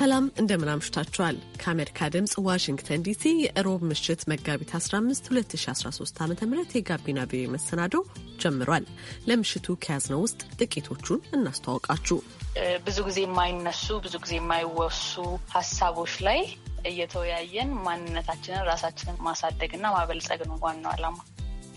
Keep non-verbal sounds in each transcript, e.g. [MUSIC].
ሰላም እንደምን አምሽታችኋል። ከአሜሪካ ድምፅ ዋሽንግተን ዲሲ የእሮብ ምሽት መጋቢት 15 2013 ዓ ም የጋቢና ቢ መሰናዶ ጀምሯል። ለምሽቱ ከያዝነው ውስጥ ጥቂቶቹን እናስተዋውቃችሁ። ብዙ ጊዜ የማይነሱ ብዙ ጊዜ የማይወሱ ሀሳቦች ላይ እየተወያየን ማንነታችንን ራሳችንን ማሳደግና ማበልጸግ ነው ዋናው ዓላማ።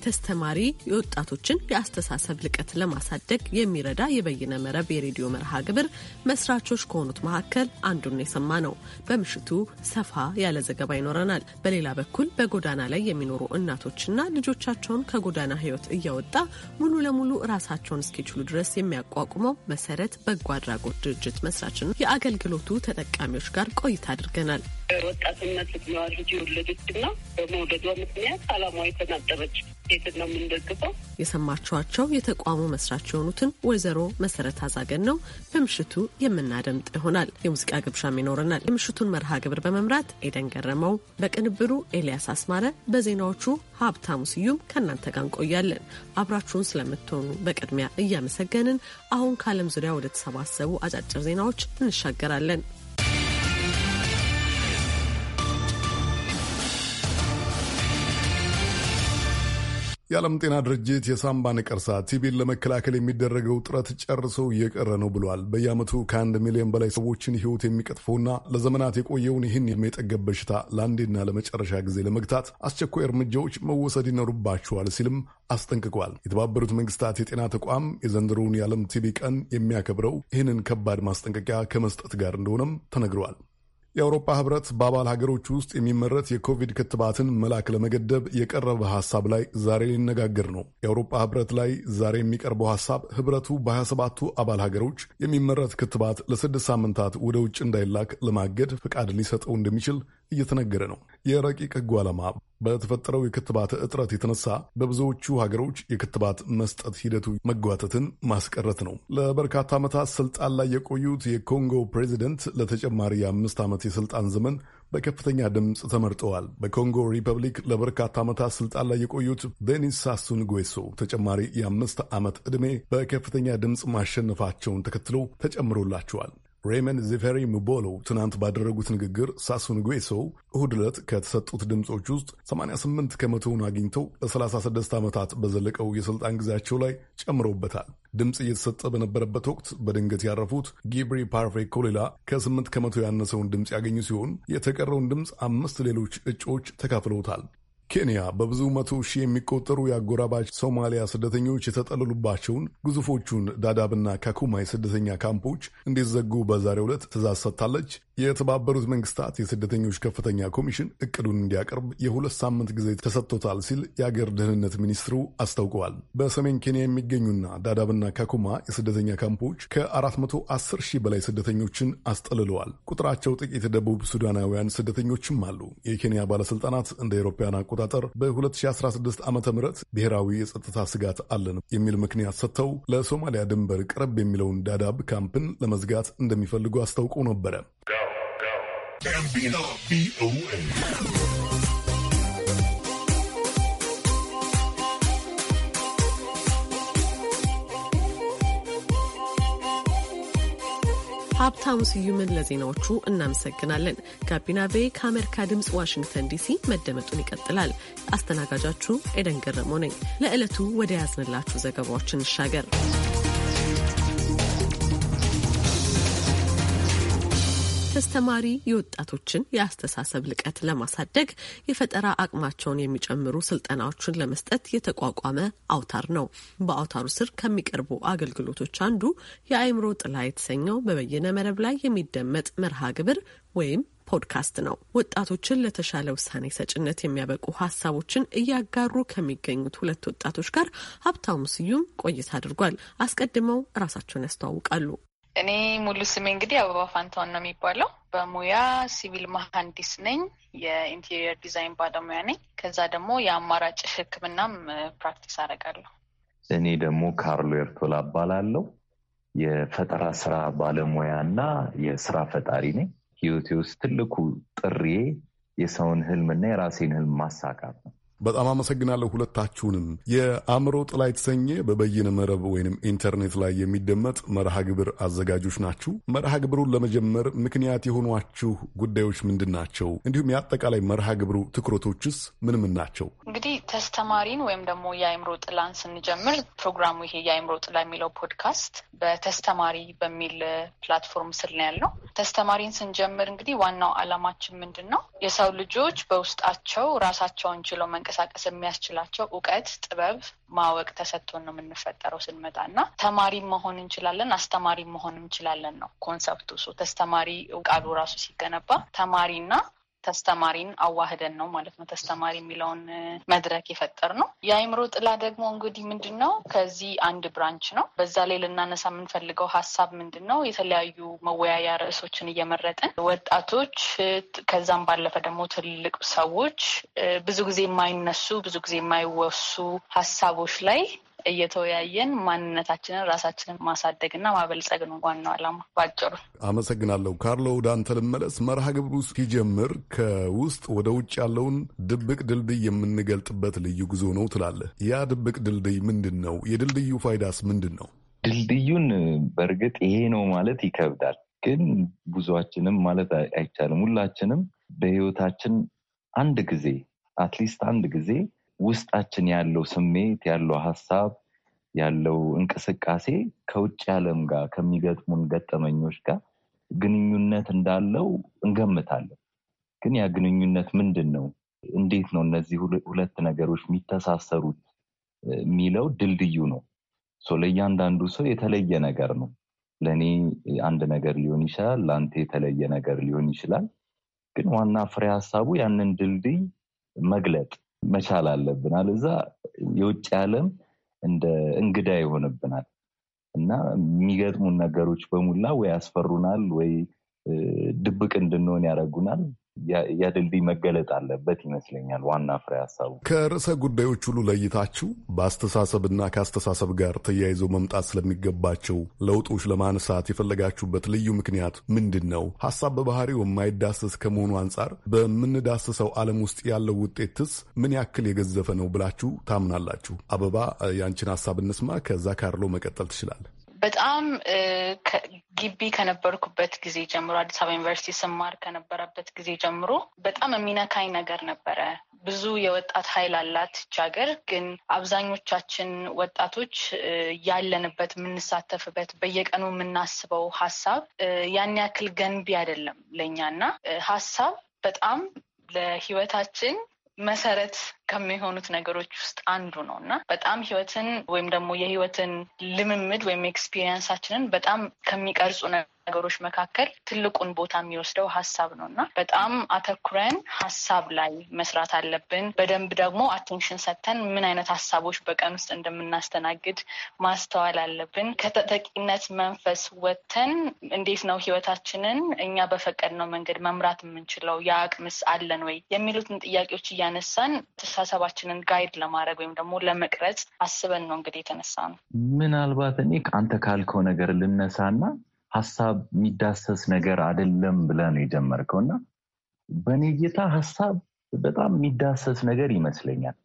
ተስተማሪ የወጣቶችን የአስተሳሰብ ልቀት ለማሳደግ የሚረዳ የበይነ መረብ የሬዲዮ መርሃ ግብር መስራቾች ከሆኑት መካከል አንዱን የሰማ ነው። በምሽቱ ሰፋ ያለ ዘገባ ይኖረናል። በሌላ በኩል በጎዳና ላይ የሚኖሩ እናቶችና ልጆቻቸውን ከጎዳና ህይወት እያወጣ ሙሉ ለሙሉ ራሳቸውን እስኪችሉ ድረስ የሚያቋቁመው መሰረት በጎ አድራጎት ድርጅት መስራችና የአገልግሎቱ ተጠቃሚዎች ጋር ቆይታ አድርገናል። ወጣትነት እድሜዋ ልጅ የወለደችና በመውለዷ ምክንያት አላማዊ የተናጠረች ሴትን ነው የምንደግፈው። የሰማችኋቸው የተቋሙ መስራች የሆኑትን ወይዘሮ መሰረት አዛገን ነው በምሽቱ የምናደምጥ ይሆናል። የሙዚቃ ግብዣም ይኖረናል። የምሽቱን መርሃ ግብር በመምራት ኤደን ገረመው፣ በቅንብሩ ኤልያስ አስማረ፣ በዜናዎቹ ሀብታሙ ስዩም ከእናንተ ጋር እንቆያለን። አብራችሁን ስለምትሆኑ በቅድሚያ እያመሰገንን አሁን ከዓለም ዙሪያ ወደ ተሰባሰቡ አጫጭር ዜናዎች እንሻገራለን። የዓለም ጤና ድርጅት የሳምባ ነቀርሳ ቲቢን ለመከላከል የሚደረገው ጥረት ጨርሰው እየቀረ ነው ብሏል። በየዓመቱ ከአንድ ሚሊዮን በላይ ሰዎችን ሕይወት የሚቀጥፈውና ለዘመናት የቆየውን ይህን ዕድሜ ጠገብ በሽታ ለአንዴና ለመጨረሻ ጊዜ ለመግታት አስቸኳይ እርምጃዎች መወሰድ ይኖርባቸዋል ሲልም አስጠንቅቋል። የተባበሩት መንግስታት የጤና ተቋም የዘንድሮውን የዓለም ቲቢ ቀን የሚያከብረው ይህንን ከባድ ማስጠንቀቂያ ከመስጠት ጋር እንደሆነም ተነግረዋል። የአውሮፓ ህብረት በአባል ሀገሮች ውስጥ የሚመረት የኮቪድ ክትባትን መላክ ለመገደብ የቀረበ ሀሳብ ላይ ዛሬ ሊነጋገር ነው። የአውሮፓ ህብረት ላይ ዛሬ የሚቀርበው ሀሳብ ህብረቱ በ27ቱ አባል ሀገሮች የሚመረት ክትባት ለስድስት ሳምንታት ወደ ውጭ እንዳይላክ ለማገድ ፈቃድ ሊሰጠው እንደሚችል እየተነገረ ነው። የረቂቅ ሕጉ ዓላማ በተፈጠረው የክትባት እጥረት የተነሳ በብዙዎቹ ሀገሮች የክትባት መስጠት ሂደቱ መጓተትን ማስቀረት ነው። ለበርካታ ዓመታት ስልጣን ላይ የቆዩት የኮንጎ ፕሬዚደንት ለተጨማሪ የአምስት ዓመት የስልጣን ዘመን በከፍተኛ ድምፅ ተመርጠዋል። በኮንጎ ሪፐብሊክ ለበርካታ ዓመታት ስልጣን ላይ የቆዩት ዴኒስ ሳሱን ጎይሶ ተጨማሪ የአምስት ዓመት ዕድሜ በከፍተኛ ድምፅ ማሸነፋቸውን ተከትሎ ተጨምሮላቸዋል። ሬመን ዜፌሪ ምቦሎ ትናንት ባደረጉት ንግግር ሳሱን ጉዌሶ እሁድ ዕለት ከተሰጡት ድምፆች ውስጥ 88 ከመቶውን አግኝተው ለ36 ዓመታት በዘለቀው የሥልጣን ጊዜያቸው ላይ ጨምረውበታል። ድምፅ እየተሰጠ በነበረበት ወቅት በድንገት ያረፉት ጊብሪ ፓርፌ ኮሌላ ከ8 ከመቶ ያነሰውን ድምፅ ያገኙ ሲሆን የተቀረውን ድምፅ አምስት ሌሎች እጩዎች ተካፍለውታል። ኬንያ በብዙ መቶ ሺህ የሚቆጠሩ የአጎራባች ሶማሊያ ስደተኞች የተጠለሉባቸውን ግዙፎቹን ዳዳብና ካኩማ የስደተኛ ካምፖች እንዲዘጉ በዛሬው ዕለት ትእዛዝ ሰጥታለች። የተባበሩት መንግስታት የስደተኞች ከፍተኛ ኮሚሽን እቅዱን እንዲያቀርብ የሁለት ሳምንት ጊዜ ተሰጥቶታል ሲል የአገር ደህንነት ሚኒስትሩ አስታውቀዋል። በሰሜን ኬንያ የሚገኙና ዳዳብና ካኩማ የስደተኛ ካምፖች ከ410 ሺህ በላይ ስደተኞችን አስጠልለዋል። ቁጥራቸው ጥቂት ደቡብ ሱዳናውያን ስደተኞችም አሉ። የኬንያ ባለሥልጣናት እንደ አውሮፓውያን አቆጣጠር በ2016 ዓ ም ብሔራዊ የጸጥታ ስጋት አለን የሚል ምክንያት ሰጥተው ለሶማሊያ ድንበር ቅርብ የሚለውን ዳዳብ ካምፕን ለመዝጋት እንደሚፈልጉ አስታውቀው ነበረ። ጋቢና ሀብታሙ ስዩምን ለዜናዎቹ እናመሰግናለን። ጋቢና ቬ ከአሜሪካ ድምፅ ዋሽንግተን ዲሲ መደመጡን ይቀጥላል። አስተናጋጃችሁ ኤደን ገረመው ነኝ። ለዕለቱ ወደ ያዝንላችሁ ዘገባዎች እንሻገር። አስተማሪ የወጣቶችን የአስተሳሰብ ልቀት ለማሳደግ የፈጠራ አቅማቸውን የሚጨምሩ ስልጠናዎችን ለመስጠት የተቋቋመ አውታር ነው። በአውታሩ ስር ከሚቀርቡ አገልግሎቶች አንዱ የአእምሮ ጥላ የተሰኘው በበየነ መረብ ላይ የሚደመጥ መርሃ ግብር ወይም ፖድካስት ነው። ወጣቶችን ለተሻለ ውሳኔ ሰጭነት የሚያበቁ ሀሳቦችን እያጋሩ ከሚገኙት ሁለት ወጣቶች ጋር ሀብታሙ ስዩም ቆይታ አድርጓል። አስቀድመው ራሳቸውን ያስተዋውቃሉ። እኔ ሙሉ ስሜ እንግዲህ አበባ ፋንታውን ነው የሚባለው። በሙያ ሲቪል መሀንዲስ ነኝ። የኢንቴሪየር ዲዛይን ባለሙያ ነኝ። ከዛ ደግሞ የአማራጭ ሕክምናም ፕራክቲስ አደርጋለሁ። እኔ ደግሞ ካርሎ ኤርቶላ እባላለሁ። የፈጠራ ስራ ባለሙያ እና የስራ ፈጣሪ ነኝ። ህይወቴ ውስጥ ትልቁ ጥሪዬ የሰውን ህልምና የራሴን ህልም ማሳካት ነው። በጣም አመሰግናለሁ ሁለታችሁንም። የአእምሮ ጥላ የተሰኘ በበይነ መረብ ወይም ኢንተርኔት ላይ የሚደመጥ መርሃ ግብር አዘጋጆች ናችሁ። መርሃ ግብሩን ለመጀመር ምክንያት የሆኗችሁ ጉዳዮች ምንድን ናቸው? እንዲሁም የአጠቃላይ መርሃ ግብሩ ትኩረቶችስ ምንምን ናቸው? እንግዲህ ተስተማሪን ወይም ደግሞ የአእምሮ ጥላን ስንጀምር ፕሮግራሙ ይሄ የአእምሮ ጥላ የሚለው ፖድካስት በተስተማሪ በሚል ፕላትፎርም ስር ነው ያለው ተስተማሪን ስንጀምር እንግዲህ ዋናው ዓላማችን ምንድን ነው? የሰው ልጆች በውስጣቸው ራሳቸውን ችለው መንቀሳቀስ የሚያስችላቸው እውቀት፣ ጥበብ፣ ማወቅ ተሰጥቶን ነው የምንፈጠረው ስንመጣ እና ተማሪ መሆን እንችላለን፣ አስተማሪ መሆን እንችላለን ነው ኮንሰፕቱ። ተስተማሪ ቃሉ ራሱ ሲገነባ ተማሪና ተስተማሪን አዋህደን ነው ማለት ነው። ተስተማሪ የሚለውን መድረክ የፈጠር ነው። የአይምሮ ጥላ ደግሞ እንግዲህ ምንድን ነው ከዚህ አንድ ብራንች ነው። በዛ ላይ ልናነሳ የምንፈልገው ሀሳብ ምንድን ነው? የተለያዩ መወያያ ርዕሶችን እየመረጥን ወጣቶች፣ ከዛም ባለፈ ደግሞ ትልቅ ሰዎች ብዙ ጊዜ የማይነሱ ብዙ ጊዜ የማይወሱ ሀሳቦች ላይ እየተወያየን ማንነታችንን ራሳችንን ማሳደግና ማበልጸግ ነው ዋናው ዓላማ ባጭሩ። አመሰግናለሁ። ካርሎ ወደ አንተ ልመለስ። መርሃ ግብሩ ሲጀምር ከውስጥ ወደ ውጭ ያለውን ድብቅ ድልድይ የምንገልጥበት ልዩ ጉዞ ነው ትላለህ። ያ ድብቅ ድልድይ ምንድን ነው? የድልድዩ ፋይዳስ ምንድን ነው? ድልድዩን በእርግጥ ይሄ ነው ማለት ይከብዳል፣ ግን ብዙችንም ማለት አይቻልም። ሁላችንም በህይወታችን አንድ ጊዜ አትሊስት አንድ ጊዜ ውስጣችን ያለው ስሜት ያለው ሀሳብ ያለው እንቅስቃሴ ከውጭ ዓለም ጋር ከሚገጥሙን ገጠመኞች ጋር ግንኙነት እንዳለው እንገምታለን። ግን ያ ግንኙነት ምንድን ነው? እንዴት ነው እነዚህ ሁለት ነገሮች የሚተሳሰሩት የሚለው ድልድዩ ነው። ለእያንዳንዱ ሰው የተለየ ነገር ነው። ለእኔ አንድ ነገር ሊሆን ይችላል፣ ለአንተ የተለየ ነገር ሊሆን ይችላል። ግን ዋና ፍሬ ሀሳቡ ያንን ድልድይ መግለጥ መቻል አለብናል። እዛ የውጭ ዓለም እንደ እንግዳ ይሆንብናል እና የሚገጥሙን ነገሮች በሙላ ወይ ያስፈሩናል ወይ ድብቅ እንድንሆን ያደርጉናል። የድልድይ መገለጥ አለበት ይመስለኛል ዋና ፍሬ ሀሳቡ። ከርዕሰ ጉዳዮች ሁሉ ለይታችሁ በአስተሳሰብና ከአስተሳሰብ ጋር ተያይዘው መምጣት ስለሚገባቸው ለውጦች ለማንሳት የፈለጋችሁበት ልዩ ምክንያት ምንድን ነው? ሀሳብ በባህሪው የማይዳሰስ ከመሆኑ አንጻር በምንዳስሰው ዓለም ውስጥ ያለው ውጤትስ ምን ያክል የገዘፈ ነው ብላችሁ ታምናላችሁ? አበባ ያንቺን ሀሳብ እንስማ። ከዛ ካርሎ መቀጠል ትችላለህ። በጣም ግቢ ከነበርኩበት ጊዜ ጀምሮ አዲስ አበባ ዩኒቨርሲቲ ስማር ከነበረበት ጊዜ ጀምሮ በጣም የሚነካኝ ነገር ነበረ። ብዙ የወጣት ኃይል አላት ይች ሀገር። ግን አብዛኞቻችን ወጣቶች ያለንበት የምንሳተፍበት በየቀኑ የምናስበው ሀሳብ ያን ያክል ገንቢ አይደለም ለእኛ እና ሀሳብ በጣም ለህይወታችን መሰረት ከሚሆኑት ነገሮች ውስጥ አንዱ ነው እና በጣም ህይወትን ወይም ደግሞ የህይወትን ልምምድ ወይም ኤክስፒሪየንሳችንን በጣም ከሚቀርጹ ነገሮች መካከል ትልቁን ቦታ የሚወስደው ሀሳብ ነው እና በጣም አተኩረን ሀሳብ ላይ መስራት አለብን። በደንብ ደግሞ አቴንሽን ሰጥተን ምን አይነት ሀሳቦች በቀን ውስጥ እንደምናስተናግድ ማስተዋል አለብን። ከተጠቂነት መንፈስ ወጥተን እንዴት ነው ህይወታችንን እኛ በፈቀድነው መንገድ መምራት የምንችለው የአቅምስ አለን ወይ የሚሉትን ጥያቄዎች እያነሳን አስተሳሰባችንን ጋይድ ለማድረግ ወይም ደግሞ ለመቅረጽ አስበን ነው እንግዲህ የተነሳ ነው። ምናልባት እኔ አንተ ካልከው ነገር ልነሳና ሀሳብ የሚዳሰስ ነገር አይደለም ብለ ነው የጀመርከው እና በእኔ ሀሳብ በጣም የሚዳሰስ ነገር ይመስለኛል።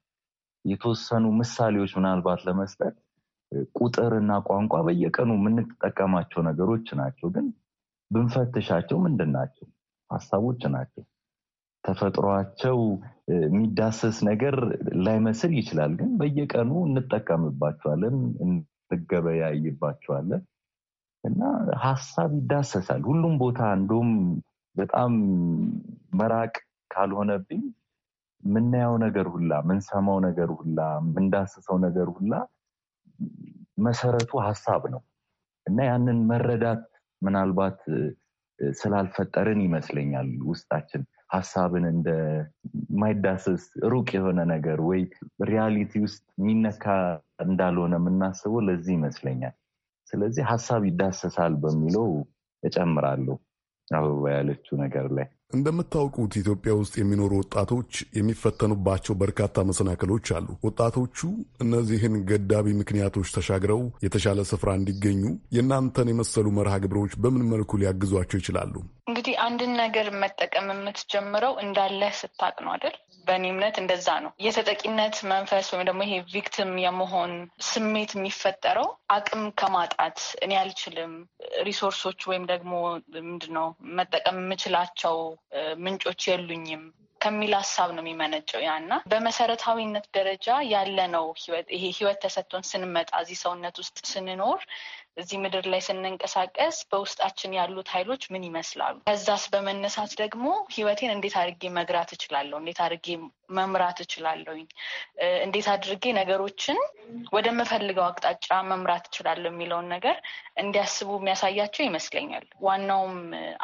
የተወሰኑ ምሳሌዎች ምናልባት ለመስጠት ቁጥር እና ቋንቋ በየቀኑ የምንጠቀማቸው ነገሮች ናቸው። ግን ብንፈትሻቸው ምንድን ናቸው? ሀሳቦች ናቸው። ተፈጥሯቸው የሚዳሰስ ነገር ላይመስል ይችላል። ግን በየቀኑ እንጠቀምባቸዋለን፣ እንገበያይባቸዋለን። እና ሀሳብ ይዳሰሳል ሁሉም ቦታ። እንዲሁም በጣም መራቅ ካልሆነብኝ የምናየው ነገር ሁላ፣ ምንሰማው ነገር ሁላ፣ የምንዳስሰው ነገር ሁላ መሰረቱ ሀሳብ ነው እና ያንን መረዳት ምናልባት ስላልፈጠርን ይመስለኛል ውስጣችን ሀሳብን እንደ ማይዳሰስ ሩቅ የሆነ ነገር ወይ ሪያሊቲ ውስጥ የሚነካ እንዳልሆነ የምናስበው ለዚህ ይመስለኛል። ስለዚህ ሀሳብ ይዳሰሳል በሚለው እጨምራለሁ። አበባ ያለችው ነገር ላይ እንደምታውቁት ኢትዮጵያ ውስጥ የሚኖሩ ወጣቶች የሚፈተኑባቸው በርካታ መሰናክሎች አሉ። ወጣቶቹ እነዚህን ገዳቢ ምክንያቶች ተሻግረው የተሻለ ስፍራ እንዲገኙ የእናንተን የመሰሉ መርሃ ግብሮች በምን መልኩ ሊያግዟቸው ይችላሉ? እንግዲህ አንድን ነገር መጠቀም የምትጀምረው እንዳለ ስታቅ ነው አይደል? በእኔ እምነት እንደዛ ነው። የተጠቂነት መንፈስ ወይም ደግሞ ይሄ ቪክቲም የመሆን ስሜት የሚፈጠረው አቅም ከማጣት እኔ አልችልም ሪሶርሶች ወይም ደግሞ ምንድን ነው መጠቀም የምችላቸው ምንጮች የሉኝም ከሚል ሀሳብ ነው የሚመነጨው። ያና በመሰረታዊነት ደረጃ ያለነው ይሄ ህይወት ተሰጥቶን ስንመጣ እዚህ ሰውነት ውስጥ ስንኖር እዚህ ምድር ላይ ስንንቀሳቀስ በውስጣችን ያሉት ኃይሎች ምን ይመስላሉ? ከዛስ በመነሳት ደግሞ ህይወቴን እንዴት አድርጌ መግራት እችላለሁ? እንዴት አድርጌ መምራት እችላለሁኝ? እንዴት አድርጌ ነገሮችን ወደምፈልገው አቅጣጫ መምራት እችላለሁ የሚለውን ነገር እንዲያስቡ የሚያሳያቸው ይመስለኛል። ዋናውም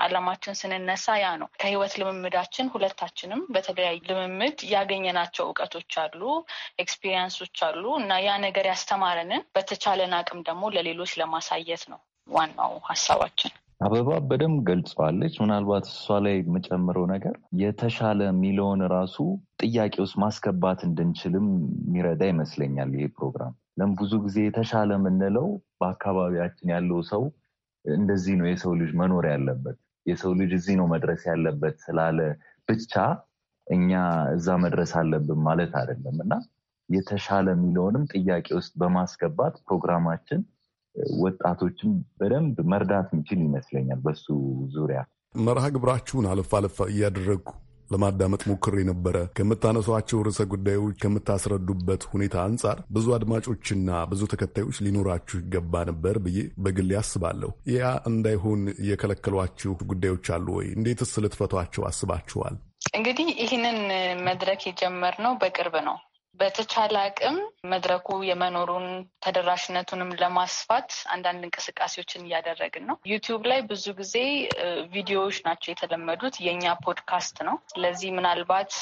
አላማችን ስንነሳ ያ ነው። ከህይወት ልምምዳችን ሁለታችንም በተለያዩ ልምምድ ያገኘናቸው እውቀቶች አሉ፣ ኤክስፒሪየንሶች አሉ እና ያ ነገር ያስተማረንን በተቻለን አቅም ደግሞ ለሌሎች ለማ ማሳየት ነው ዋናው ሀሳባችን። አበባ በደንብ ገልጸዋለች። ምናልባት እሷ ላይ የምጨምረው ነገር የተሻለ የሚለውን ራሱ ጥያቄ ውስጥ ማስገባት እንድንችልም የሚረዳ ይመስለኛል ይሄ ፕሮግራም። ለም ብዙ ጊዜ የተሻለ የምንለው በአካባቢያችን ያለው ሰው እንደዚህ ነው የሰው ልጅ መኖር ያለበት የሰው ልጅ እዚህ ነው መድረስ ያለበት ስላለ ብቻ እኛ እዛ መድረስ አለብን ማለት አይደለም እና የተሻለ የሚለውንም ጥያቄ ውስጥ በማስገባት ፕሮግራማችን ወጣቶችም በደንብ መርዳት የሚችል ይመስለኛል። በሱ ዙሪያ መርሃ ግብራችሁን አለፍ አለፍ እያደረግኩ ለማዳመጥ ሞክሬ ነበረ። ከምታነሷቸው ርዕሰ ጉዳዮች ከምታስረዱበት ሁኔታ አንጻር ብዙ አድማጮችና ብዙ ተከታዮች ሊኖራችሁ ይገባ ነበር ብዬ በግሌ አስባለሁ። ያ እንዳይሆን የከለከሏችሁ ጉዳዮች አሉ ወይ? እንዴትስ ልትፈቷቸው አስባችኋል? እንግዲህ ይህንን መድረክ የጀመርነው በቅርብ ነው። በተቻለ አቅም መድረኩ የመኖሩን ተደራሽነቱንም ለማስፋት አንዳንድ እንቅስቃሴዎችን እያደረግን ነው። ዩቲዩብ ላይ ብዙ ጊዜ ቪዲዮዎች ናቸው የተለመዱት፣ የእኛ ፖድካስት ነው። ስለዚህ ምናልባት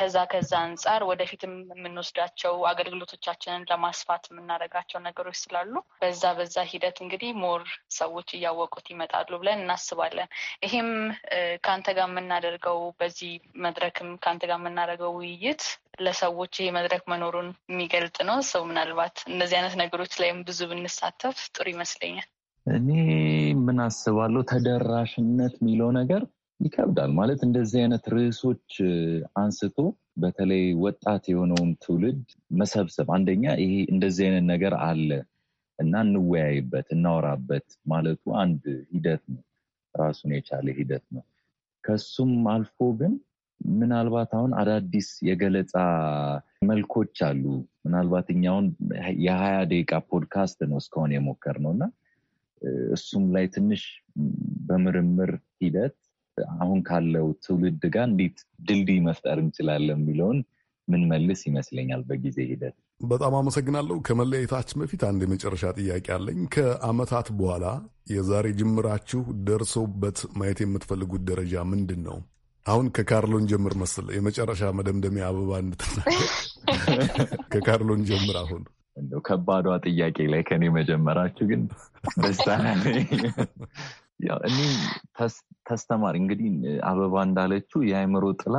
ከዛ ከዛ አንጻር ወደፊትም የምንወስዳቸው አገልግሎቶቻችንን ለማስፋት የምናደርጋቸው ነገሮች ስላሉ በዛ በዛ ሂደት እንግዲህ ሞር ሰዎች እያወቁት ይመጣሉ ብለን እናስባለን። ይሄም ከአንተ ጋር የምናደርገው በዚህ መድረክም ከአንተ ጋር የምናደርገው ውይይት ለሰዎች ይሄ መድረክ መኖሩን የሚገልጥ ነው። ሰው ምናልባት እነዚህ አይነት ነገሮች ላይም ብዙ ብንሳተፍ ጥሩ ይመስለኛል። እኔ ምን አስባለሁ ተደራሽነት የሚለው ነገር ይከብዳል ማለት እንደዚህ አይነት ርዕሶች አንስቶ በተለይ ወጣት የሆነውን ትውልድ መሰብሰብ አንደኛ ይሄ እንደዚህ አይነት ነገር አለ እና እንወያይበት፣ እናወራበት ማለቱ አንድ ሂደት ነው፣ ራሱን የቻለ ሂደት ነው። ከሱም አልፎ ግን ምናልባት አሁን አዳዲስ የገለጻ መልኮች አሉ። ምናልባት እኛውን የሀያ ደቂቃ ፖድካስት ነው እስካሁን ነው እና እሱም ላይ ትንሽ በምርምር ሂደት አሁን ካለው ትውልድ ጋር እንዴት ድልድይ መፍጠር እንችላለን የሚለውን ምንመልስ ይመስለኛል በጊዜ ሂደት። በጣም አመሰግናለሁ። ከመለያየታችን በፊት አንድ የመጨረሻ ጥያቄ አለኝ። ከአመታት በኋላ የዛሬ ጅምራችሁ ደርሶበት ማየት የምትፈልጉት ደረጃ ምንድን ነው? አሁን ከካርሎን ጀምር መሰለህ የመጨረሻ መደምደሚያ አበባ እንድትናገር [LAUGHS] ከካርሎን ጀምር አሁን እንደው ከባዷ ጥያቄ ላይ ከኔ መጀመራችሁ ግን ደስታ እኔ ተስተማሪ እንግዲህ አበባ እንዳለችው የአእምሮ ጥላ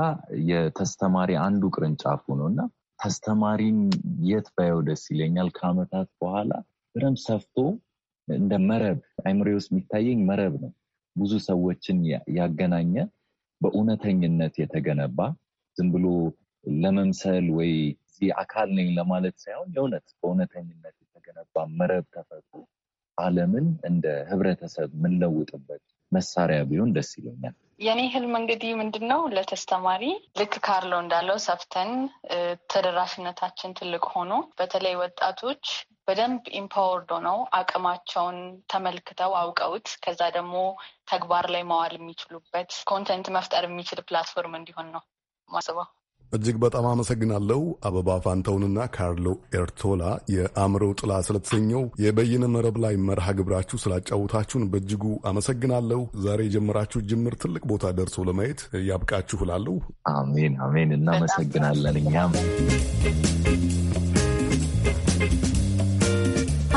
የተስተማሪ አንዱ ቅርንጫፉ ነው እና ተስተማሪን የት ባየው ደስ ይለኛል። ከአመታት በኋላ በደም ሰፍቶ እንደ መረብ አይምሬ ውስጥ የሚታየኝ መረብ ነው። ብዙ ሰዎችን ያገናኘ በእውነተኝነት የተገነባ ዝም ብሎ ለመምሰል ወይ እዚህ አካል ነኝ ለማለት ሳይሆን የእውነት በእውነተኝነት የተገነባ መረብ ተፈጥሮ ዓለምን እንደ ህብረተሰብ የምንለውጥበት መሳሪያ ቢሆን ደስ ይለኛል። የኔ ህልም እንግዲህ ምንድን ነው ለተስተማሪ ልክ ካርሎ እንዳለው ሰፍተን ተደራሽነታችን ትልቅ ሆኖ በተለይ ወጣቶች በደንብ ኢምፓወርዶ ነው አቅማቸውን ተመልክተው አውቀውት ከዛ ደግሞ ተግባር ላይ መዋል የሚችሉበት ኮንተንት መፍጠር የሚችል ፕላትፎርም እንዲሆን ነው ማስበው። እጅግ በጣም አመሰግናለሁ። አበባ ፋንታውንና ካርሎ ኤርቶላ የአእምሮ ጥላ ስለተሰኘው የበይነ መረብ ላይ መርሃ ግብራችሁ ስላጫወታችሁን በእጅጉ አመሰግናለሁ። ዛሬ የጀመራችሁ ጅምር ትልቅ ቦታ ደርሶ ለማየት ያብቃችሁ እላለሁ። አሜን አሜን። እናመሰግናለን እኛም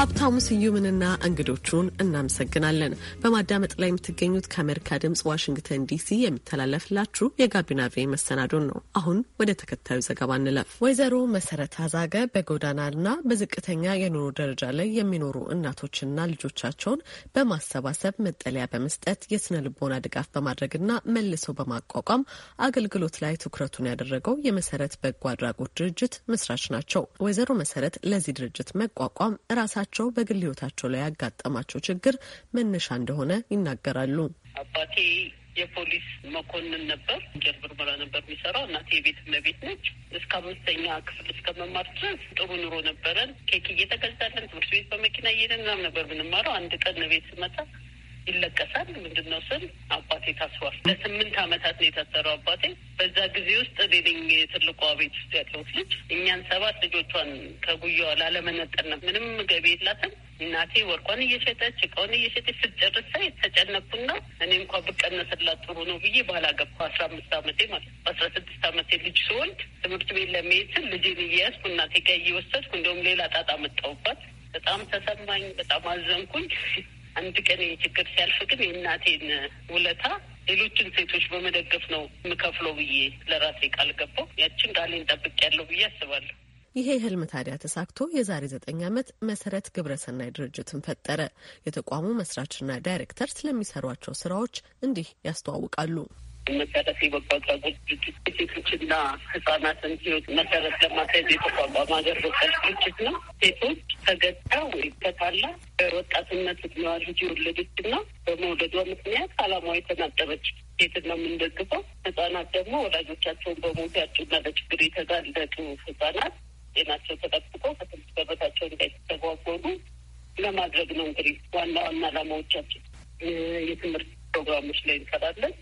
ሀብታሙ ስዩምንና እንግዶቹን እናመሰግናለን። በማዳመጥ ላይ የምትገኙት ከአሜሪካ ድምጽ ዋሽንግተን ዲሲ የሚተላለፍላችሁ የጋቢና ቬ መሰናዶን ነው። አሁን ወደ ተከታዩ ዘገባ እንለፍ። ወይዘሮ መሰረት አዛገ በጎዳናና በዝቅተኛ የኑሮ ደረጃ ላይ የሚኖሩ እናቶችና ልጆቻቸውን በማሰባሰብ መጠለያ በመስጠት የስነ ልቦና ድጋፍ በማድረግና መልሰው በማቋቋም አገልግሎት ላይ ትኩረቱን ያደረገው የመሰረት በጎ አድራጎት ድርጅት መስራች ናቸው። ወይዘሮ መሰረት ለዚህ ድርጅት መቋቋም ራሳቸው ልጃቸው በግል ህይወታቸው ላይ ያጋጠማቸው ችግር መነሻ እንደሆነ ይናገራሉ። አባቴ የፖሊስ መኮንን ነበር። ወንጀል ምርመራ ነበር የሚሰራው። እናቴ የቤት እመቤት ነች። እስከ አምስተኛ ክፍል እስከ መማር ድረስ ጥሩ ኑሮ ነበረን። ኬክ እየተገዛለን ትምህርት ቤት በመኪና እየሄድን ምናምን ነበር ምንማረው። አንድ ቀን ቤት ስመጣ ይለቀሳል። ምንድን ነው አባቴ ታስሯል። ለስምንት አመታት ነው የታሰረው አባቴ። በዛ ጊዜ ውስጥ ሌለኝ ትልቋ ቤት ውስጥ ያለሁት ልጅ እኛን ሰባት ልጆቿን ከጉያዋ ላለመነጠር ነው። ምንም ገቢ የላትም። እናቴ ወርቋን እየሸጠች እቃውን እየሸጠች ስትጨርስ የተጨነኩና እኔ እንኳ ብቀነስላት ጥሩ ነው ብዬ ባላገባ አስራ አምስት አመቴ ማለት ነው። በአስራ ስድስት አመቴ ልጅ ስወልድ ትምህርት ቤት ለመሄድ ስል ልጄን እየያዝኩ እናቴ ጋር እየወሰድኩ እንደውም ሌላ ጣጣ መጣሁባት። በጣም ተሰማኝ። በጣም አዘንኩኝ። አንድ ቀን ይህ ችግር ሲያልፍ ግን የእናቴን ውለታ ሌሎችን ሴቶች በመደገፍ ነው የምከፍለው ብዬ ለራሴ ቃል ገባው። ያችን ቃሌን ያለው ብዬ አስባለሁ። ይሄ ህልም ታዲያ ተሳክቶ የዛሬ ዘጠኝ ዓመት መሰረት ግብረሰናይ ድርጅትን ፈጠረ። የተቋሙ መስራችና ዳይሬክተር ስለሚሰሯቸው ስራዎች እንዲህ ያስተዋውቃሉ። መሰረት የበጎ አድራጎት ሴቶችና ህጻናትን ህይወት መሰረት ለማስያዝ የተቋቋመ ሀገር በቀል ድርጅት ነው። ሴቶች ተገዳ ወይ ተታላ በወጣትነት እድሜዋ ልጅ የወለደችና በመውለዷ ምክንያት አላማዊ የተናጠረች ሴትን ነው የምንደግፈው። ህጻናት ደግሞ ወላጆቻቸውን በሞት ያጡና ለችግር የተጋለጡ ህጻናት ጤናቸው ተጠብቆ ከትምህርት ገበታቸው እንዳይተጓጎሉ ለማድረግ ነው እንግዲህ ዋና ዋና አላማዎቻችን የትምህርት ፕሮግራሞች ላይ እንሰራለን።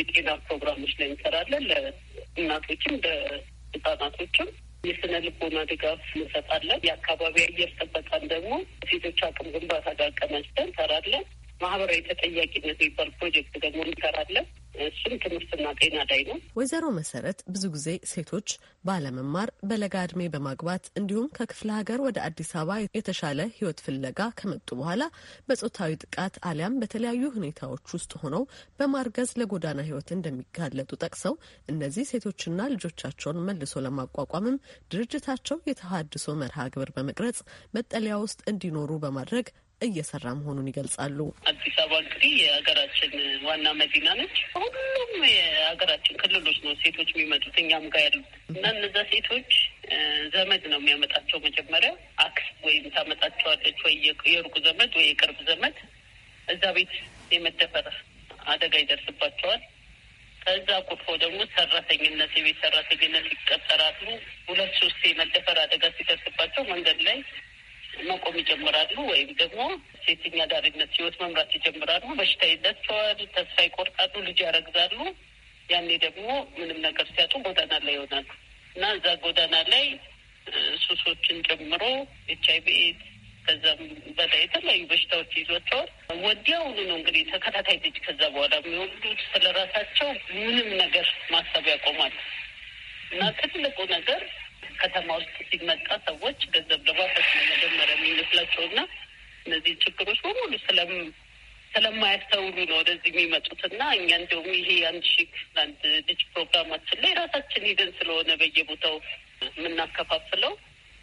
የጤና ፕሮግራሞች ላይ እንሰራለን። ለእናቶችም ለህጻናቶችም የስነ ልቦና ድጋፍ እንሰጣለን። የአካባቢ አየር ጥበቃን ደግሞ ሴቶች አቅም ግንባታ ጋር ቀናጅተን እንሰራለን። ማህበራዊ ተጠያቂነት የሚባል ፕሮጀክት ደግሞ እንሰራለን። እሱም ትምህርትና ጤና ዳይ ነው። ወይዘሮ መሰረት ብዙ ጊዜ ሴቶች ባለመማር በለጋ እድሜ በማግባት እንዲሁም ከክፍለ ሀገር ወደ አዲስ አበባ የተሻለ ህይወት ፍለጋ ከመጡ በኋላ በጾታዊ ጥቃት አሊያም በተለያዩ ሁኔታዎች ውስጥ ሆነው በማርገዝ ለጎዳና ህይወት እንደሚጋለጡ ጠቅሰው እነዚህ ሴቶችና ልጆቻቸውን መልሶ ለማቋቋምም ድርጅታቸው የተሃድሶ መርሃ ግብር በመቅረጽ መጠለያ ውስጥ እንዲኖሩ በማድረግ እየሰራ መሆኑን ይገልጻሉ። አዲስ አበባ እንግዲህ የሀገራችን ዋና መዲና ነች። ሁሉም የሀገራችን ክልሎች ነው ሴቶች የሚመጡት እኛም ጋር ያሉት እና እነዛ ሴቶች ዘመድ ነው የሚያመጣቸው። መጀመሪያ አክስ ወይም ታመጣቸዋለች ወይ የሩቁ ዘመድ ወይ የቅርብ ዘመድ እዛ ቤት የመደፈር አደጋ ይደርስባቸዋል። ከዛ ቁርፎ ደግሞ ሰራተኝነት፣ የቤት ሰራተኝነት ይቀጠራሉ። ሁለት ሶስት የመደፈር አደጋ ሲደርስባቸው መንገድ ላይ መቆም ይጀምራሉ፣ ወይም ደግሞ ሴተኛ አዳሪነት ህይወት መምራት ይጀምራሉ። በሽታ ይዛቸዋል፣ ተስፋ ይቆርጣሉ፣ ልጅ ያረግዛሉ። ያኔ ደግሞ ምንም ነገር ሲያጡ ጎዳና ላይ ይሆናሉ እና እዛ ጎዳና ላይ ሱሶችን ጨምሮ ኤች አይቪ ኤድስ ከዛም በላይ የተለያዩ በሽታዎች ይዟቸዋል። ወዲያውኑ ነው እንግዲህ ተከታታይ ልጅ ከዛ በኋላ የሚወልዱት ስለራሳቸው ምንም ነገር ማሰብ ያቆማል እና ትልቁ ነገር ከተማ ውስጥ ሲመጣ ሰዎች ገንዘብ ለማፈስ ነው መጀመሪያ የሚመስላቸው እና እነዚህ ችግሮች በሙሉ ስለም ስለማያስተውሉ ነው ወደዚህ የሚመጡት እና እኛ እንዲሁም ይሄ አንድ ሺ አንድ ልጅ ፕሮግራማችን ላይ ራሳችን ሂደን ስለሆነ በየቦታው የምናከፋፍለው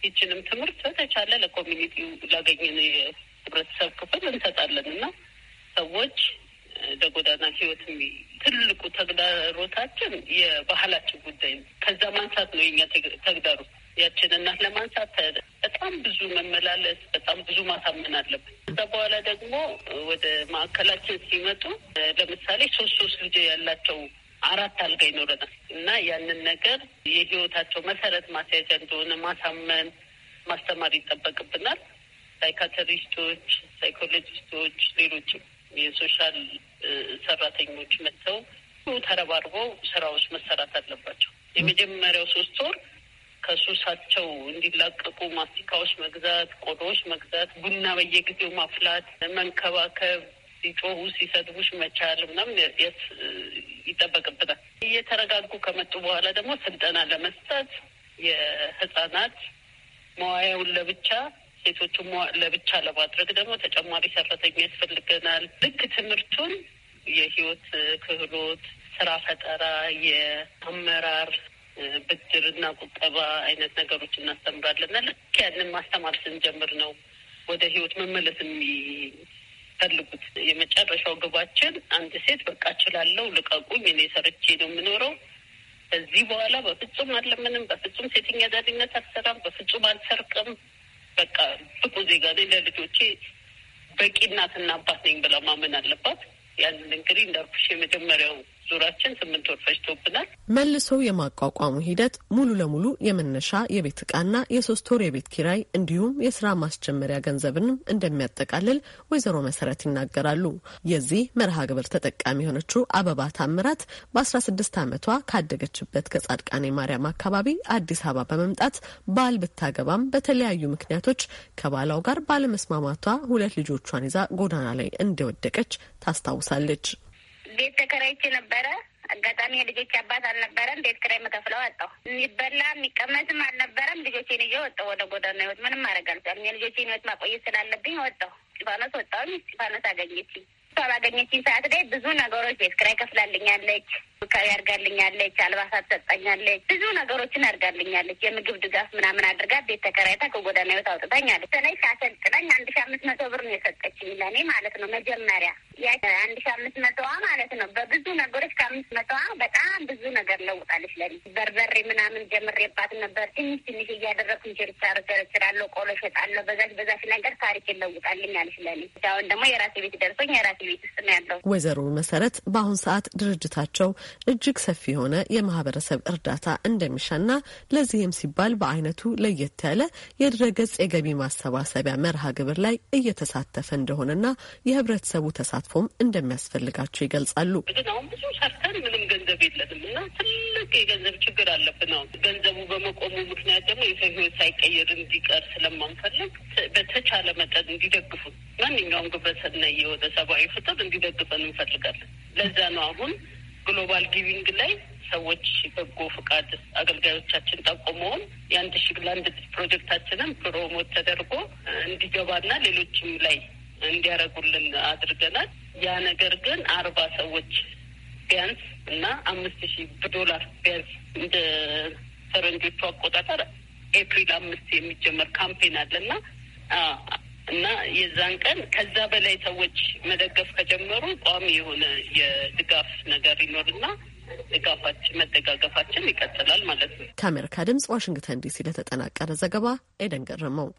ይችንም ትምህርት በተቻለ ለኮሚኒቲው ላገኘን የህብረተሰብ ክፍል እንሰጣለን እና ሰዎች ለጎዳና ህይወት ትልቁ ተግዳሮታችን የባህላችን ጉዳይ ነው። ከዛ ማንሳት ነው የኛ ተግዳሮ ያችን እናት ለማንሳት በጣም ብዙ መመላለስ፣ በጣም ብዙ ማሳመን አለብን። ከዛ በኋላ ደግሞ ወደ ማዕከላችን ሲመጡ ለምሳሌ ሶስት ሶስት ልጅ ያላቸው አራት አልጋ ይኖረናል እና ያንን ነገር የህይወታቸው መሰረት ማስያዣ እንደሆነ ማሳመን ማስተማር ይጠበቅብናል። ሳይካትሪስቶች፣ ሳይኮሎጂስቶች፣ ሌሎችም የሶሻል ሰራተኞች መጥተው ተረባርበው ስራዎች መሰራት አለባቸው። የመጀመሪያው ሶስት ወር ከሱሳቸው እንዲላቀቁ ማስቲካዎች መግዛት፣ ቆዶዎች መግዛት፣ ቡና በየጊዜው ማፍላት፣ መንከባከብ፣ ሲጮሁ ሲሰድቡሽ መቻል ምናምን ይጠበቅብናል። እየተረጋጉ ከመጡ በኋላ ደግሞ ስልጠና ለመስጠት የህጻናት መዋያውን ለብቻ ሴቶቹ ለብቻ ለማድረግ ደግሞ ተጨማሪ ሰራተኛ ያስፈልገናል። ልክ ትምህርቱን የህይወት ክህሎት፣ ስራ ፈጠራ፣ የአመራር ብድርና ቁጠባ አይነት ነገሮች እናስተምራለን እና ልክ ያንን ማስተማር ስንጀምር ነው ወደ ህይወት መመለስ የሚፈልጉት። የመጨረሻው ግባችን አንድ ሴት በቃ እችላለሁ፣ ልቀቁኝ፣ እኔ ሰርቼ ነው የምኖረው ከዚህ በኋላ በፍጹም አለምንም በፍጹም ሴተኛ አዳሪነት አልሰራም፣ በፍጹም አልሰርቅም፣ በቃ ብቁ ዜጋ ነኝ ለልጆቼ በቂ እናትና አባት ነኝ ብላ ማመን አለባት። ያንን እንግዲህ እንዳልኩሽ የመጀመሪያው ዙራችን ስምንት ወር ፈጅቶብናል። መልሶ የማቋቋሙ ሂደት ሙሉ ለሙሉ የመነሻ የቤት እቃና የሶስት ወር የቤት ኪራይ እንዲሁም የስራ ማስጀመሪያ ገንዘብንም እንደሚያጠቃልል ወይዘሮ መሰረት ይናገራሉ። የዚህ መርሃ ግብር ተጠቃሚ የሆነችው አበባ ታምራት በአስራ ስድስት ዓመቷ ካደገችበት ከጻድቃኔ ማርያም አካባቢ አዲስ አበባ በመምጣት ባል ብታገባም በተለያዩ ምክንያቶች ከባሏው ጋር ባለመስማማቷ ሁለት ልጆቿን ይዛ ጎዳና ላይ እንደወደቀች ታስታውሳለች። ቤት ተከራይቼ ነበረ። አጋጣሚ የልጆች አባት አልነበረም። ቤት ክራይ መከፍለው አጣሁ። የሚበላ የሚቀመስም አልነበረም። ልጆቼን ይዤ ወጣሁ ወደ ጎዳና ህይወት። ምንም ማድረግ አልቻልኩም። የልጆቼን ህይወት ማቆየት ስላለብኝ ወጣሁ። እስጢፋኖስ ወጣሁኝ። እስጢፋኖስ አገኘችኝ። እሷ ባገኘችኝ ሰዓት ላይ ብዙ ነገሮች ቤት ክራይ ከፍላልኛለች ሱካሪ አድርጋልኛለች፣ አልባሳት ሰጣኛለች፣ ብዙ ነገሮችን አድርጋልኛለች። የምግብ ድጋፍ ምናምን አድርጋ ቤት ተከራይታ ከጎዳና ህይወት አውጥታኛለች። በተለይ ሳሰልጥነኝ አንድ ሺ አምስት መቶ ብር ነው የሰጠችኝ ለእኔ ማለት ነው። መጀመሪያ ያ አንድ ሺ አምስት መቶዋ ማለት ነው በብዙ ነገሮች ከአምስት መቶዋ በጣም ብዙ ነገር ለውጣለች ለኔ። በርበሬ ምናምን ጀምሬባት ነበር። ትንሽ ትንሽ እያደረግኩ እንጀርቻ ረገረችላለሁ፣ ቆሎ ሸጣለሁ። በዛች በዛች ነገር ታሪክ ለውጣልኝ አለች ለኔ። አሁን ደግሞ የራሴ ቤት ደርሶኝ የራሴ ቤት ውስጥ ነው ያለው። ወይዘሮ መሰረት በአሁን ሰዓት ድርጅታቸው እጅግ ሰፊ የሆነ የማህበረሰብ እርዳታ እንደሚሻና ለዚህም ሲባል በአይነቱ ለየት ያለ የድረገጽ የገቢ ማሰባሰቢያ መርሃ ግብር ላይ እየተሳተፈ እንደሆነና የህብረተሰቡ ተሳትፎም እንደሚያስፈልጋቸው ይገልጻሉ። ብዙ ሰርተን ምንም ገንዘብ የለንም እና ትልቅ የገንዘብ ችግር አለብን። አሁን ገንዘቡ በመቆሙ ምክንያት ደግሞ የሰው ህይወት ሳይቀየር እንዲቀር ስለማንፈልግ በተቻለ መጠን እንዲደግፉን ማንኛውም ግብረሰናይ የወደ ሰብአዊ ፍጥር እንዲደግፈን እንፈልጋለን። ለዛ ነው አሁን ግሎባል ጊቪንግ ላይ ሰዎች በጎ ፍቃድ አገልጋዮቻችን ጠቆመውን የአንድ ሺህ ለአንድ ፕሮጀክታችንን ፕሮሞት ተደርጎ እንዲገባና ሌሎችም ላይ እንዲያደርጉልን አድርገናል። ያ ነገር ግን አርባ ሰዎች ቢያንስ እና አምስት ሺህ ዶላር ቢያንስ እንደ ፈረንጆቹ አቆጣጠር ኤፕሪል አምስት የሚጀመር ካምፔን አለና እና የዛን ቀን ከዛ በላይ ሰዎች መደገፍ ከጀመሩ ቋሚ የሆነ የድጋፍ ነገር ይኖርና ድጋፋችን መደጋገፋችን ይቀጥላል ማለት ነው። ከአሜሪካ ድምጽ ዋሽንግተን ዲሲ ለተጠናቀረ ዘገባ ኤደን ገረመው።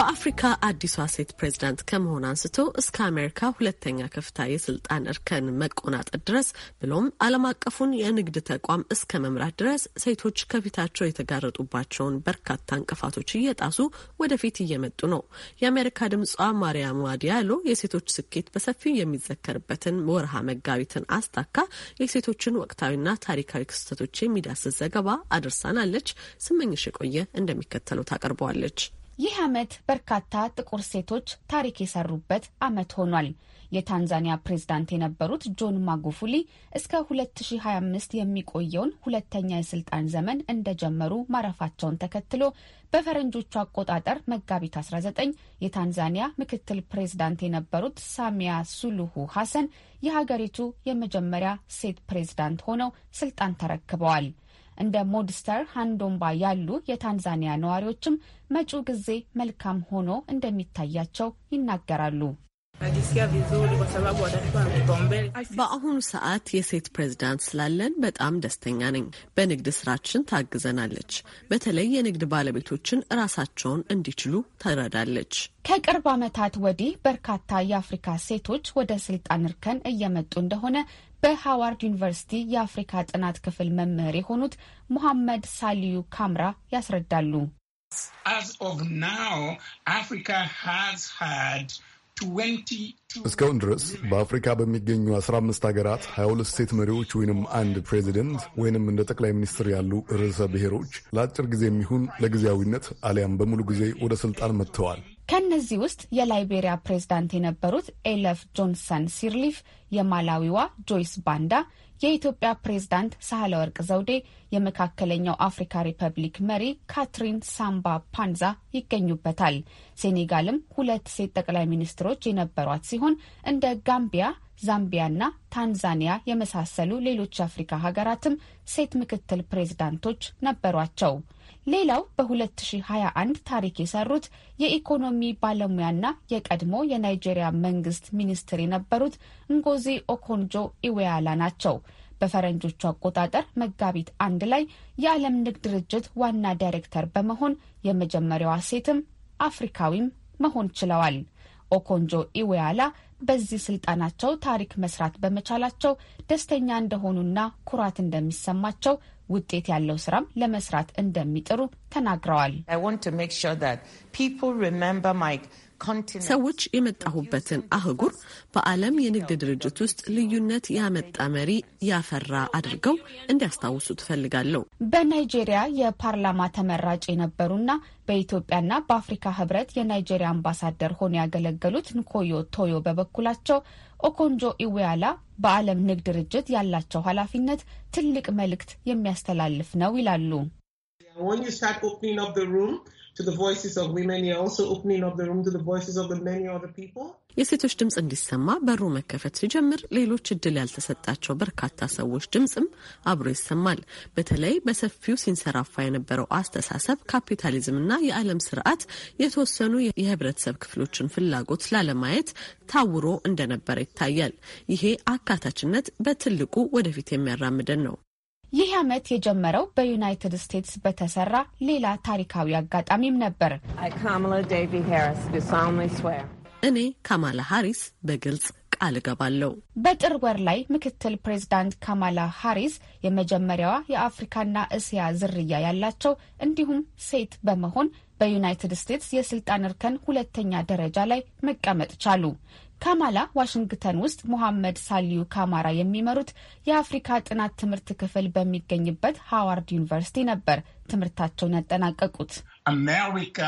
በአፍሪካ አዲሷ ሴት ፕሬዝዳንት ከመሆን አንስቶ እስከ አሜሪካ ሁለተኛ ከፍታ የስልጣን እርከን መቆናጠጥ ድረስ ብሎም ዓለም አቀፉን የንግድ ተቋም እስከ መምራት ድረስ ሴቶች ከፊታቸው የተጋረጡባቸውን በርካታ እንቅፋቶች እየጣሱ ወደፊት እየመጡ ነው። የአሜሪካ ድምጿ ማርያም ዋዲያሎ የሴቶች ስኬት በሰፊው የሚዘከርበትን ወርሃ መጋቢትን አስታካ የሴቶችን ወቅታዊና ታሪካዊ ክስተቶች የሚዳስስ ዘገባ አድርሳናለች። ስመኝሽ የቆየ እንደሚከተለው ታቀርበዋለች። ይህ ዓመት በርካታ ጥቁር ሴቶች ታሪክ የሰሩበት ዓመት ሆኗል። የታንዛኒያ ፕሬዝዳንት የነበሩት ጆን ማጉፉሊ እስከ 2025 የሚቆየውን ሁለተኛ የስልጣን ዘመን እንደጀመሩ ማረፋቸውን ተከትሎ በፈረንጆቹ አቆጣጠር መጋቢት 19 የታንዛኒያ ምክትል ፕሬዝዳንት የነበሩት ሳሚያ ሱሉሁ ሐሰን የሀገሪቱ የመጀመሪያ ሴት ፕሬዝዳንት ሆነው ስልጣን ተረክበዋል። እንደ ሞድስተር ሃንዶምባ ያሉ የታንዛኒያ ነዋሪዎችም መጪው ጊዜ መልካም ሆኖ እንደሚታያቸው ይናገራሉ። በአሁኑ ሰዓት የሴት ፕሬዝዳንት ስላለን በጣም ደስተኛ ነኝ። በንግድ ስራችን ታግዘናለች። በተለይ የንግድ ባለቤቶችን ራሳቸውን እንዲችሉ ትረዳለች። ከቅርብ ዓመታት ወዲህ በርካታ የአፍሪካ ሴቶች ወደ ስልጣን እርከን እየመጡ እንደሆነ በሃዋርድ ዩኒቨርሲቲ የአፍሪካ ጥናት ክፍል መምህር የሆኑት ሙሐመድ ሳሊዩ ካምራ ያስረዳሉ። እስካሁን ድረስ በአፍሪካ በሚገኙ 15 ሀገራት 22 ሴት መሪዎች ወይንም አንድ ፕሬዚደንት ወይንም እንደ ጠቅላይ ሚኒስትር ያሉ ርዕሰ ብሔሮች ለአጭር ጊዜ የሚሆን ለጊዜያዊነት አሊያም በሙሉ ጊዜ ወደ ስልጣን መጥተዋል። ከእነዚህ ውስጥ የላይቤሪያ ፕሬዝዳንት የነበሩት ኤለፍ ጆንሰን ሲርሊፍ፣ የማላዊዋ ጆይስ ባንዳ፣ የኢትዮጵያ ፕሬዝዳንት ሳህለ ወርቅ ዘውዴ፣ የመካከለኛው አፍሪካ ሪፐብሊክ መሪ ካትሪን ሳምባ ፓንዛ ይገኙበታል። ሴኔጋልም ሁለት ሴት ጠቅላይ ሚኒስትሮች የነበሯት ሲሆን እንደ ጋምቢያ ዛምቢያና ታንዛኒያ የመሳሰሉ ሌሎች የአፍሪካ ሀገራትም ሴት ምክትል ፕሬዝዳንቶች ነበሯቸው። ሌላው በ2021 ታሪክ የሰሩት የኢኮኖሚ ባለሙያና የቀድሞ የናይጄሪያ መንግስት ሚኒስትር የነበሩት እንጎዚ ኦኮንጆ ኢዌያላ ናቸው። በፈረንጆቹ አቆጣጠር መጋቢት አንድ ላይ የዓለም ንግድ ድርጅት ዋና ዳይሬክተር በመሆን የመጀመሪያዋ ሴትም አፍሪካዊም መሆን ችለዋል። ኦኮንጆ ኢዌያላ በዚህ ስልጣናቸው ታሪክ መስራት በመቻላቸው ደስተኛ እንደሆኑና ኩራት እንደሚሰማቸው ውጤት ያለው ስራም ለመስራት እንደሚጥሩ ተናግረዋል። ሰዎች የመጣሁበትን አህጉር በዓለም የንግድ ድርጅት ውስጥ ልዩነት ያመጣ መሪ ያፈራ አድርገው እንዲያስታውሱ ትፈልጋለሁ። በናይጄሪያ የፓርላማ ተመራጭ የነበሩና በኢትዮጵያና በአፍሪካ ህብረት የናይጄሪያ አምባሳደር ሆነው ያገለገሉት ንኮዮ ቶዮ በበኩላቸው ኦኮንጆ ኢዌያላ በዓለም ንግድ ድርጅት ያላቸው ኃላፊነት ትልቅ መልእክት የሚያስተላልፍ ነው ይላሉ። to the voices of women. You're also opening up the room to the voices of the many other people. የሴቶች ድምፅ እንዲሰማ በሩ መከፈት ሲጀምር ሌሎች እድል ያልተሰጣቸው በርካታ ሰዎች ድምፅም አብሮ ይሰማል። በተለይ በሰፊው ሲንሰራፋ የነበረው አስተሳሰብ ካፒታሊዝምና የዓለም ስርዓት የተወሰኑ የህብረተሰብ ክፍሎችን ፍላጎት ላለማየት ታውሮ እንደነበረ ይታያል። ይሄ አካታችነት በትልቁ ወደፊት የሚያራምደን ነው። ይህ ዓመት የጀመረው በዩናይትድ ስቴትስ በተሰራ ሌላ ታሪካዊ አጋጣሚም ነበር። እኔ ካማላ ሃሪስ በግልጽ ቃል እገባለሁ። በጥር ወር ላይ ምክትል ፕሬዚዳንት ካማላ ሃሪስ የመጀመሪያዋ የአፍሪካና እስያ ዝርያ ያላቸው እንዲሁም ሴት በመሆን በዩናይትድ ስቴትስ የስልጣን እርከን ሁለተኛ ደረጃ ላይ መቀመጥ ቻሉ። ካማላ ዋሽንግተን ውስጥ ሞሐመድ ሳሊዩ ካማራ የሚመሩት የአፍሪካ ጥናት ትምህርት ክፍል በሚገኝበት ሃዋርድ ዩኒቨርሲቲ ነበር ትምህርታቸውን ያጠናቀቁት። አሜሪካ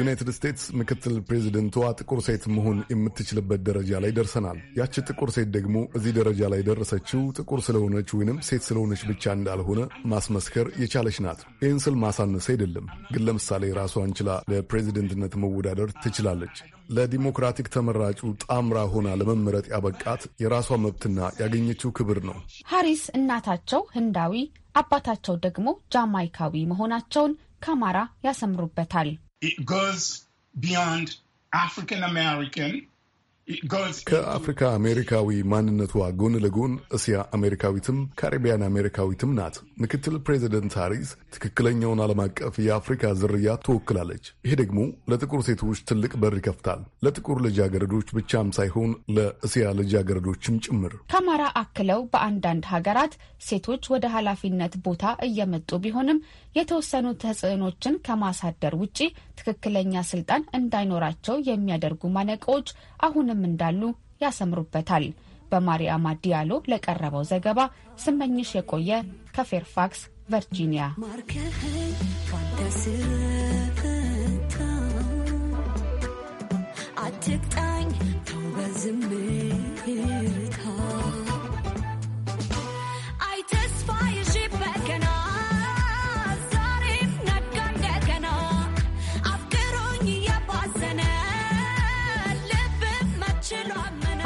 ዩናይትድ ስቴትስ ምክትል ፕሬዚደንቷ ጥቁር ሴት መሆን የምትችልበት ደረጃ ላይ ደርሰናል። ያቺ ጥቁር ሴት ደግሞ እዚህ ደረጃ ላይ ደረሰችው ጥቁር ስለሆነች ወይንም ሴት ስለሆነች ብቻ እንዳልሆነ ማስመስከር የቻለች ናት። ይህን ስል ማሳነስ አይደለም፣ ግን ለምሳሌ ራሷን ችላ ለፕሬዚደንትነት መወዳደር ትችላለች። ለዲሞክራቲክ ተመራጩ ጣምራ ሆና ለመመረጥ ያበቃት የራሷ መብትና ያገኘችው ክብር ነው። ሃሪስ እናታቸው ህንዳዊ አባታቸው ደግሞ ጃማይካዊ መሆናቸውን ከማራ ያሰምሩበታል። ከአፍሪካ አሜሪካዊ ማንነቷ ጎን ለጎን እስያ አሜሪካዊትም ካሪቢያን አሜሪካዊትም ናት። ምክትል ፕሬዚደንት ሃሪስ ትክክለኛውን ዓለም አቀፍ የአፍሪካ ዝርያ ትወክላለች። ይሄ ደግሞ ለጥቁር ሴቶች ትልቅ በር ይከፍታል። ለጥቁር ልጃገረዶች ብቻም ሳይሆን ለእስያ ልጃገረዶችም ጭምር። ከማራ አክለው በአንዳንድ ሀገራት ሴቶች ወደ ኃላፊነት ቦታ እየመጡ ቢሆንም የተወሰኑ ተጽዕኖችን ከማሳደር ውጪ ትክክለኛ ስልጣን እንዳይኖራቸው የሚያደርጉ ማነቆዎች አሁንም እንዳሉ ያሰምሩበታል። በማሪያማ ዲያሎ ለቀረበው ዘገባ ስመኝሽ የቆየ ከፌርፋክስ ቨርጂኒያ። አትቅጣኝ ተው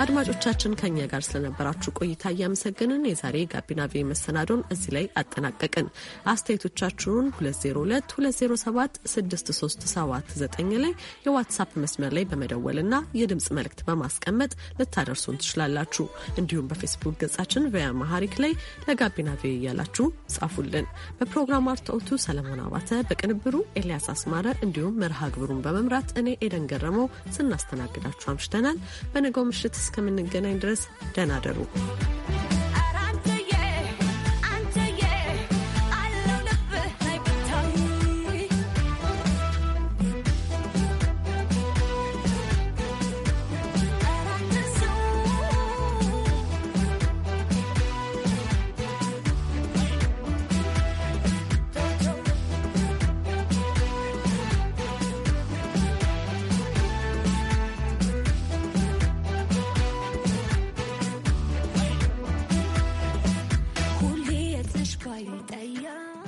አድማጮቻችን ከኛ ጋር ስለነበራችሁ ቆይታ እያመሰገንን የዛሬ ጋቢና ቪ መሰናዶን እዚህ ላይ አጠናቀቅን። አስተያየቶቻችሁን 2022076379 ላይ የዋትሳፕ መስመር ላይ በመደወልና የድምፅ መልእክት በማስቀመጥ ልታደርሱን ትችላላችሁ። እንዲሁም በፌስቡክ ገጻችን ቪያ መሐሪክ ላይ ለጋቢና ቪ እያላችሁ ጻፉልን። በፕሮግራሙ አርታኦቱ ሰለሞን አባተ፣ በቅንብሩ ኤልያስ አስማረ እንዲሁም መርሃ ግብሩን በመምራት እኔ ኤደን ገረመው ስናስተናግዳችሁ አምሽተናል። በነገው ምሽት እስከምንገናኝ ድረስ ደህና ደሩ።